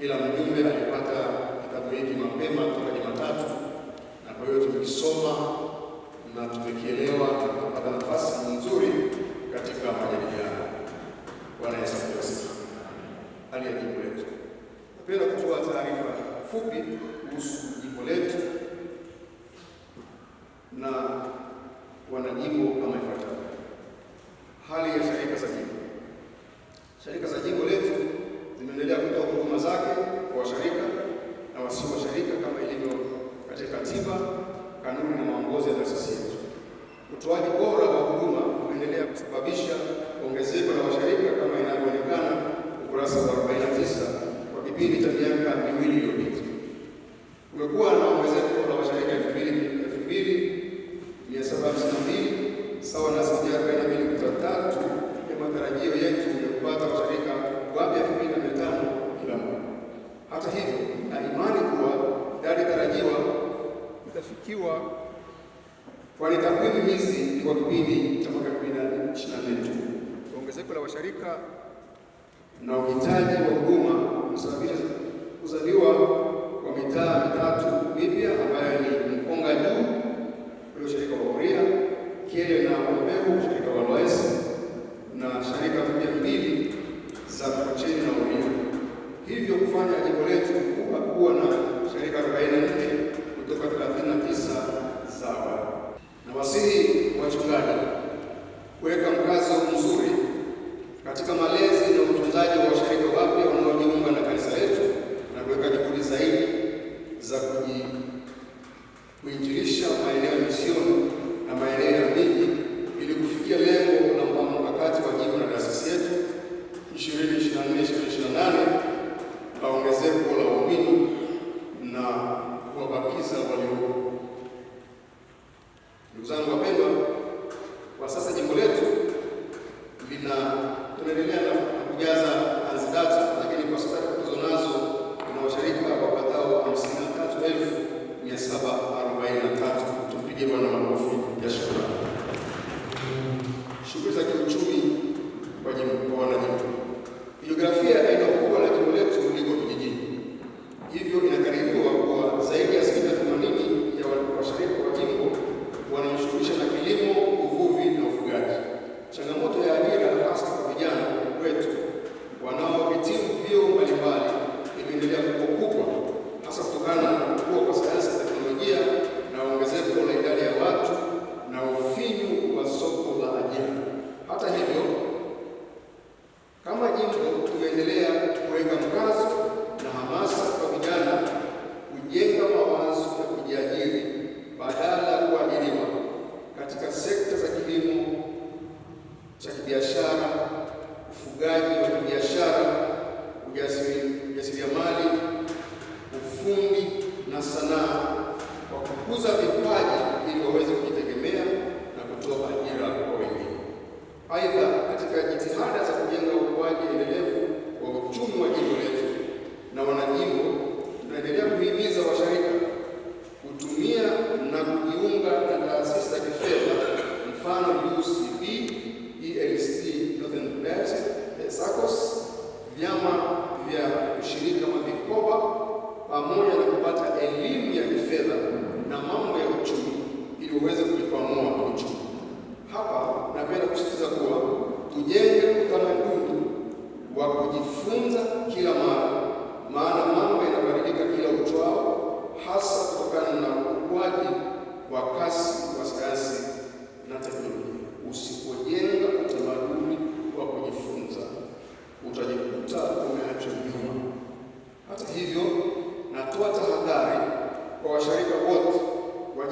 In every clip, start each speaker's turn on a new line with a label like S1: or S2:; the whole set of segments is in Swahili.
S1: ila mjumbe alipata kitabu hiki mapema toka Jumatatu, na kwa hiyo tumekisoma na tumekielewa, tukapata nafasi nzuri katika majadiliano. Bwana Yesu asifiwe. Hali ya jimbo letu, napenda kutoa taarifa fupi kuhusu jimbo letu na wanajimbo kama ifuatavyo. cosa lì Kwenye takwimu hizi kwa kipindi cha mwaka 2024 tu. Ongezeko la washirika na uhitaji wa huduma kusababisha kuzaliwa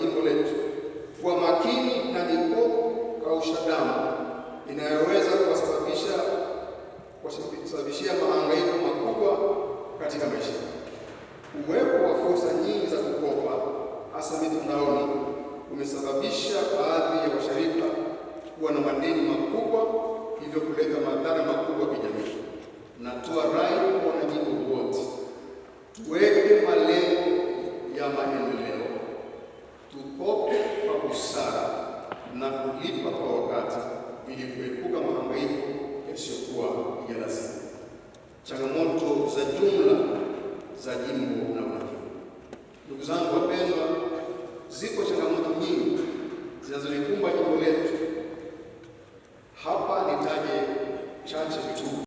S1: jimbo letu kuwa makini na ilipokausha damu inayoweza kuwasababisha kuwasababishia mahangaiko makubwa katika maisha. Uwepo wa fursa nyingi za kukopa, hasa mitandaoni, umesababisha baadhi ya washirika kuwa na madeni makubwa, hivyo kuleta madhara makubwa kijamii. Natoa rai kwa wanajimbo wote tuweke malengo ya maendeleo busara na kulipa kwa wakati ili kuepuka mahangaiko yasiyokuwa ya lazima. Changamoto za jumla za jimbo na Urambo. Ndugu zangu wapendwa, ziko changamoto nyingi zinazolikumba jimbo letu. Hapa nitaje chache tu.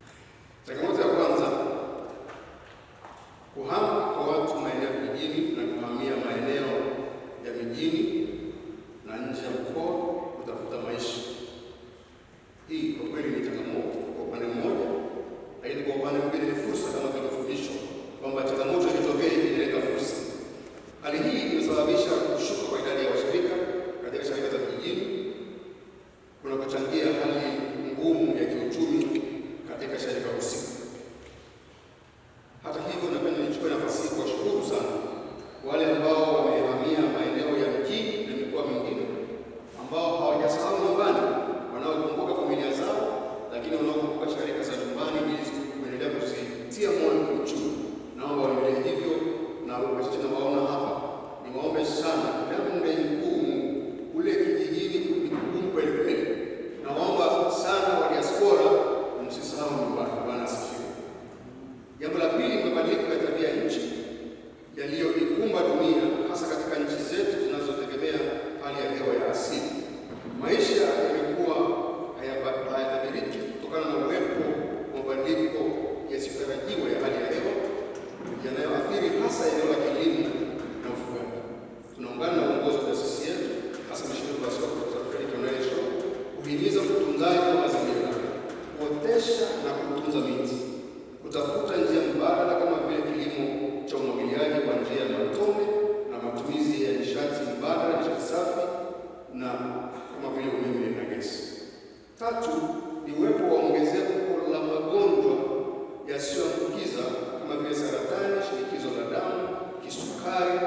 S1: yasiyoambukiza kama vile saratani, shinikizo la damu, kisukari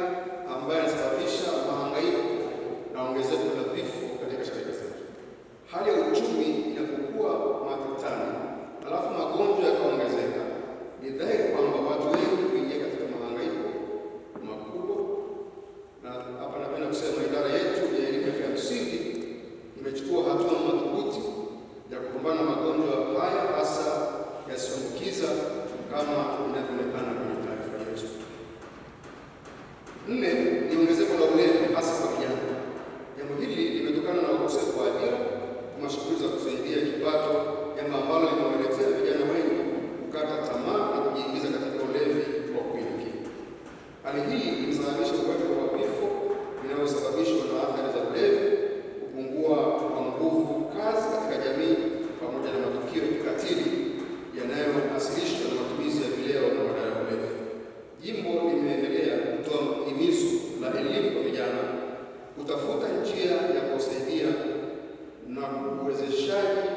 S1: ambayo yanasababisha Hali hii imesababisha uwepo wa vifo vinavyosababishwa na athari za ulevi, kupungua kwa nguvu kazi katika jamii, pamoja na matukio ya kikatili yanayowasilishwa na matumizi ya vileo na madawa ya ulevi. Jimbo limeendelea kutoa himizo la elimu kwa vijana, kutafuta njia ya kuwasaidia na uwezeshaji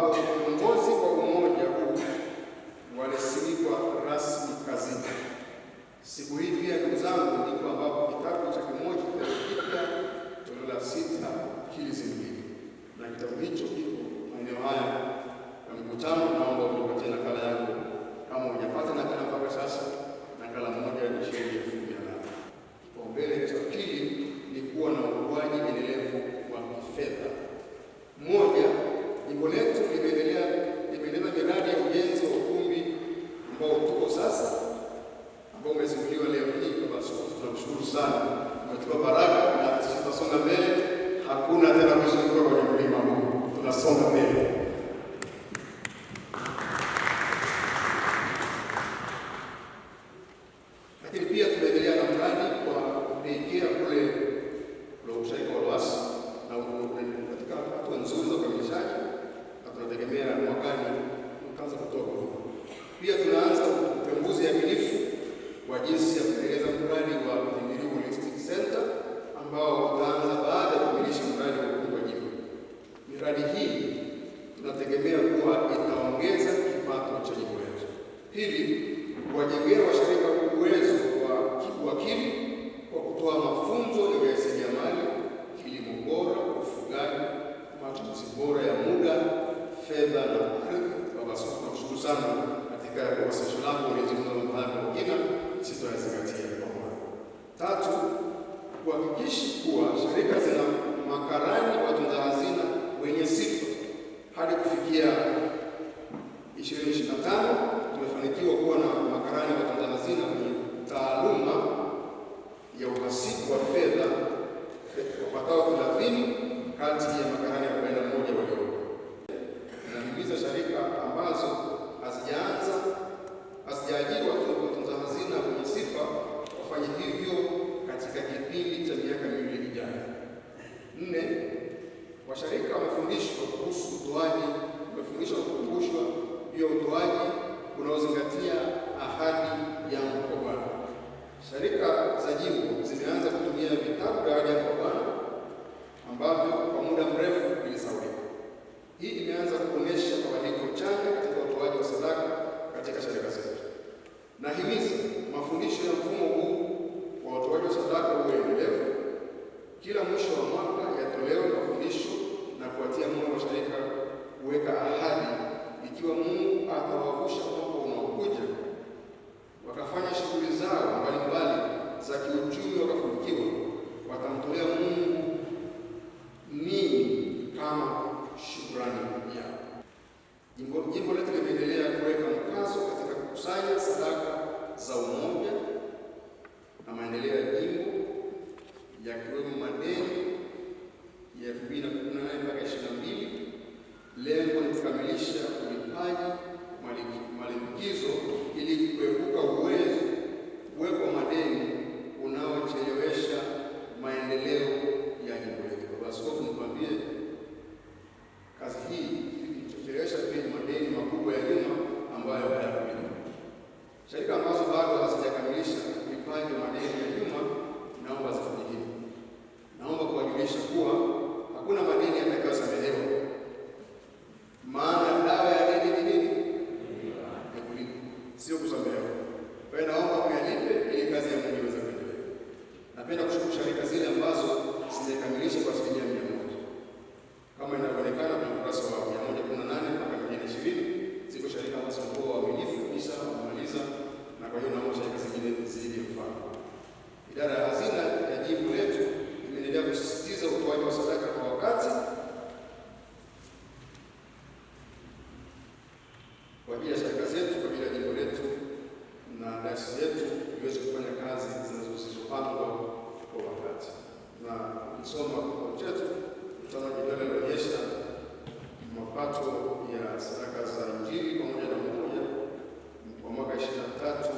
S1: Paulo kwa biashara zetu, kwa ajili ya jimbo letu na dayosisi yetu iweze kufanya kazi zinazozizopangwa kwa wakati. Na msoma kitabu chetu tutaona jedwali inaonyesha mapato ya sadaka za Injili pamoja na mmoja kwa mwaka ishirini na tatu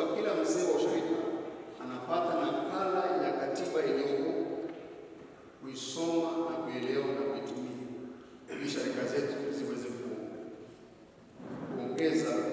S1: kwamba kila mzee wa ushirika anapata nakala ya katiba iliyoko kuisoma na kuelewa na kuitumia ili sharika zetu ziweze kuongeza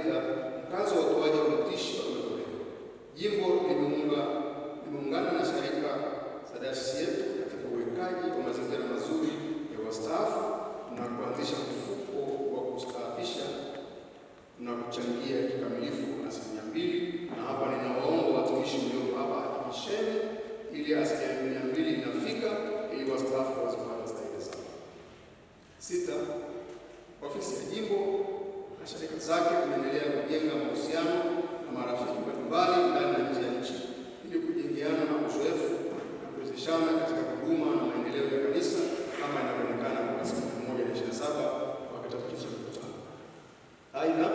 S1: fedha, mkazo wa utoaji wa mtishi umetolewa. Jimbo limeungana na shirika Sadasi yetu katika uwekaji wa mazingira mazuri ya wastaafu na kuanzisha mfuko wa kustaafisha na kuchangia kikamilifu asilimia mbili, na hapa ninawaomba watumishi mlioko hapa hakikisheni ili asilimia mbili inafika ili wastaafu wazipata stahili zao. Sita, ofisi ya jimbo na shirika zake zinaendelea kujenga mahusiano na marafiki mbalimbali ndani na nje ya nchi ili kujengeana na uzoefu na kuwezeshana katika huduma na maendeleo ya kanisa kama inavyoonekana katika elfu moja mia ishirini na saba kwa kitabu cha mkutano. Aidha,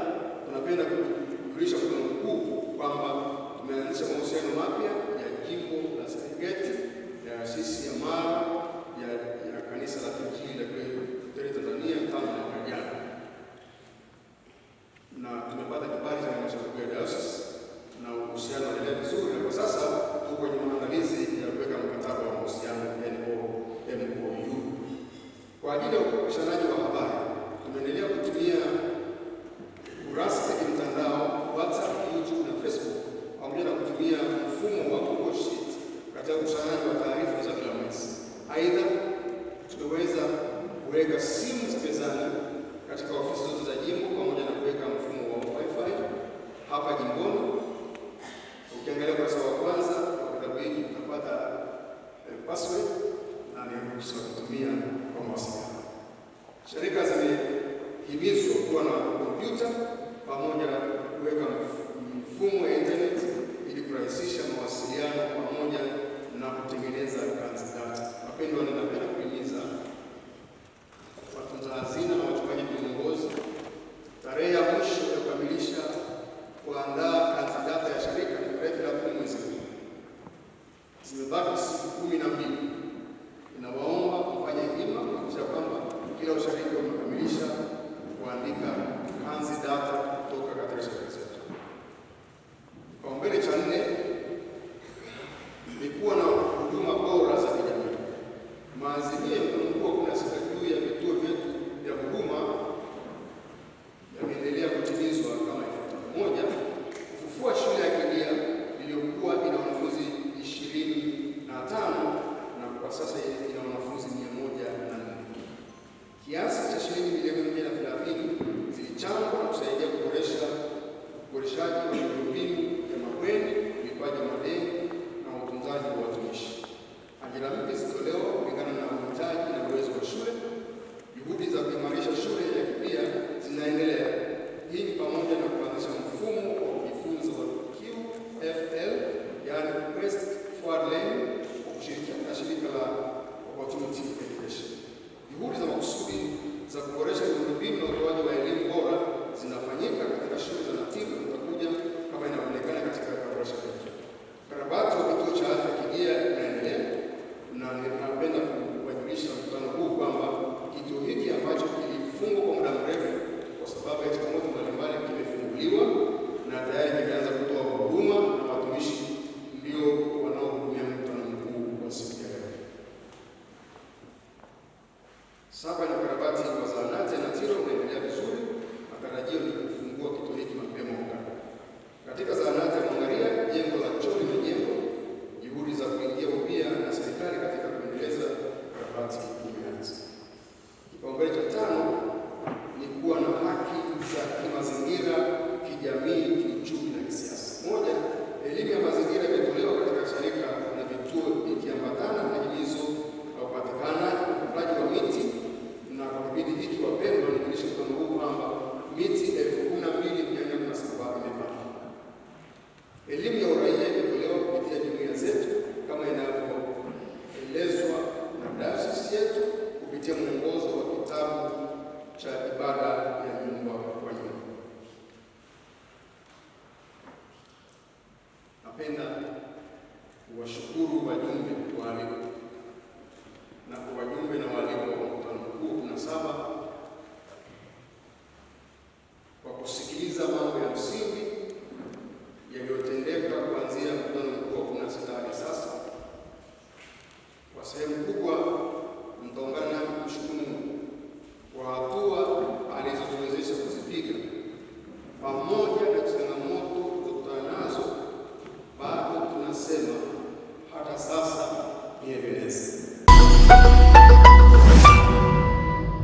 S1: tunapenda kujulisha mkutano mkuu kwamba tumeanzisha mahusiano mapya ya jimbo la Serengeti pamoja na kuweka mfumo